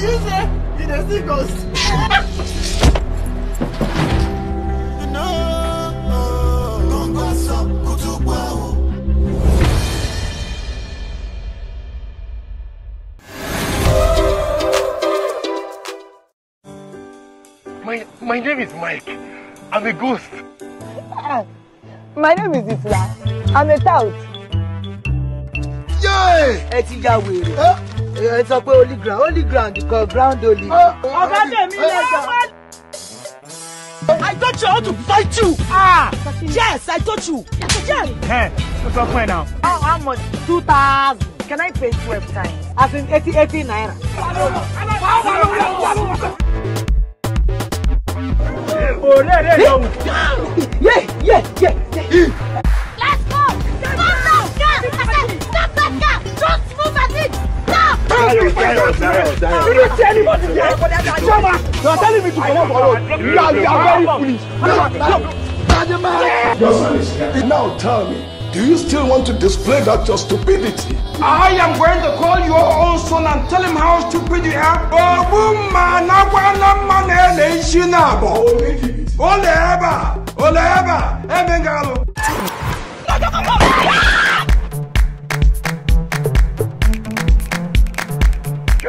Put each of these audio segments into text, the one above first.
did you say? You dey My, my name is Mike. I'm a ghost. Ah, my name is Isla. I'm a tout. Yay! Ẹ ti ya ẹ sọ pé holy ground holy ground kọ ground holy. ọ̀gá tèmi lẹ́jọ́. I told you how to fight you. Ah, yes, I told you. Yes. Hey, what's up right now? How, how much? Two thousand. Can I pay twelve times? As in eighty, eighty naira. Oh, yeah, yeah, yeah, yeah. You don't see anybody there. Chama, you are telling me to come out for road. You are, you are very foolish. Your son is here. Now tell me, do you still want to display that your stupidity? I am going to call your own son and tell him how stupid you are. Obu mana wana mana ele ishi na bo. Ole eba, ole eba, ebe ngalu.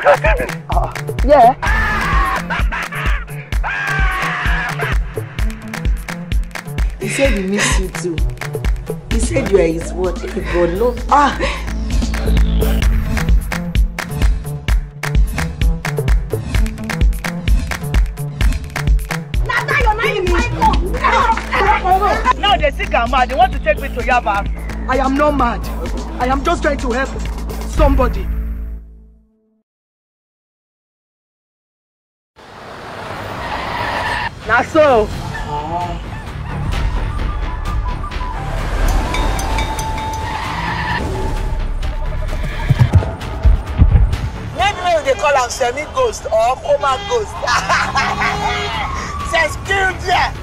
You can see this? Uh, yeah. He said he missed you too. He said you are his what? If God love. Ah! Now they think I'm mad. They want to take me to Yaba. I am not mad. I am just trying to help somebody. na so. maybe they call him semi-ghost or coma ghost. Says yeah.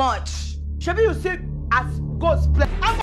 much. be you say as God's plan.